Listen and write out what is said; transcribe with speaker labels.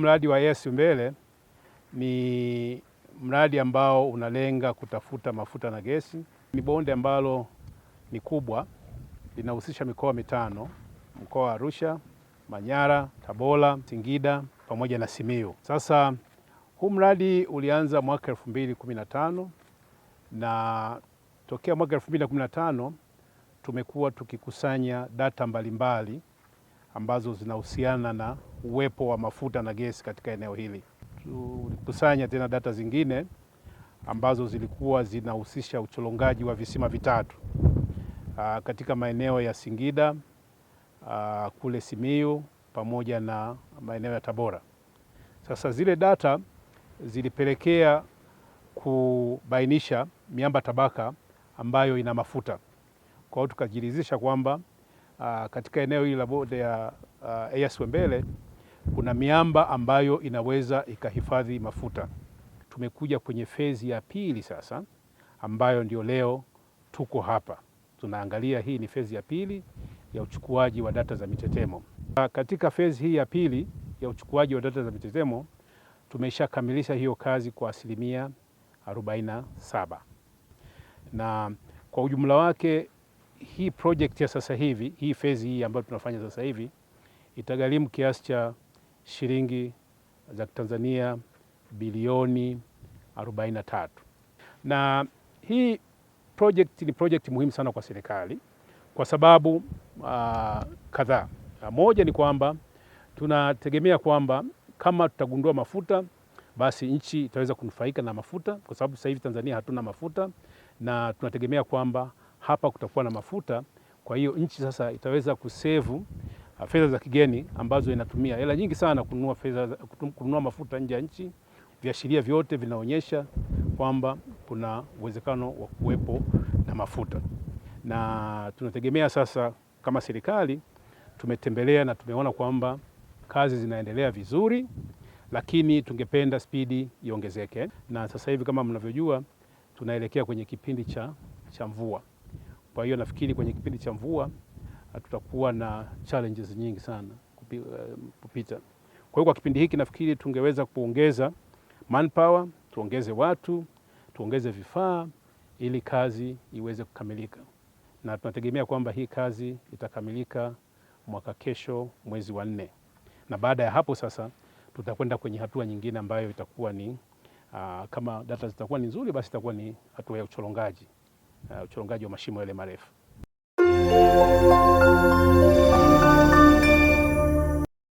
Speaker 1: Mradi wa Yesu Mbele ni mradi ambao unalenga kutafuta mafuta na gesi. Ni bonde ambalo ni kubwa, linahusisha mikoa mitano, mkoa wa Arusha, Manyara, Tabora, Singida pamoja na Simiyu. Sasa huu mradi ulianza mwaka 2015 na tokea mwaka 2015 tumekuwa tukikusanya data mbalimbali ambazo zinahusiana na uwepo wa mafuta na gesi katika eneo hili. Tulikusanya tena data zingine ambazo zilikuwa zinahusisha uchorongaji wa visima vitatu aa, ah, katika maeneo ya Singida aa, ah, kule Simiyu pamoja na maeneo ya Tabora. Sasa zile data zilipelekea kubainisha miamba tabaka ambayo ina mafuta. Kwa hiyo tukajiridhisha kwamba uh, katika eneo hili la bonde ya uh, ah, Eyasi Wembere kuna miamba ambayo inaweza ikahifadhi mafuta. Tumekuja kwenye fezi ya pili sasa, ambayo ndio leo tuko hapa tunaangalia. Hii ni fezi ya pili ya uchukuaji wa data za mitetemo. Ah, katika fezi hii ya pili ya uchukuaji wa data za mitetemo tumeshakamilisha hiyo kazi kwa asilimia 47 na kwa ujumla wake hii project ya sasa hivi hii phase hii ambayo tunafanya sasa hivi itagharimu kiasi cha shilingi za Tanzania bilioni 43 na hii project ni project muhimu sana kwa serikali kwa sababu uh, kadhaa. Moja ni kwamba tunategemea kwamba kama tutagundua mafuta basi nchi itaweza kunufaika na mafuta, kwa sababu sasa hivi Tanzania hatuna mafuta, na tunategemea kwamba hapa kutakuwa na mafuta. Kwa hiyo nchi sasa itaweza kusevu uh, fedha za kigeni ambazo inatumia hela nyingi sana kununua fedha, kununua mafuta nje ya nchi. Viashiria vyote vinaonyesha kwamba kuna uwezekano wa kuwepo na mafuta, na tunategemea sasa, kama serikali tumetembelea na tumeona kwamba kazi zinaendelea vizuri, lakini tungependa spidi iongezeke, na sasa hivi kama mnavyojua tunaelekea kwenye kipindi cha, cha mvua. Kwa hiyo nafikiri kwenye kipindi cha mvua ah, tutakuwa na challenges nyingi sana eh, kupita. Kwa hiyo kwa kipindi hiki nafikiri tungeweza kuongeza manpower, tuongeze watu, tuongeze vifaa ili kazi iweze kukamilika, na tunategemea kwamba hii kazi itakamilika mwaka kesho mwezi wa nne, na baada ya hapo sasa tutakwenda kwenye hatua nyingine ambayo itakuwa ni aa, ah, kama data zitakuwa ni nzuri, basi itakuwa ni hatua ya uchorongaji uh, uchorongaji wa mashimo yale marefu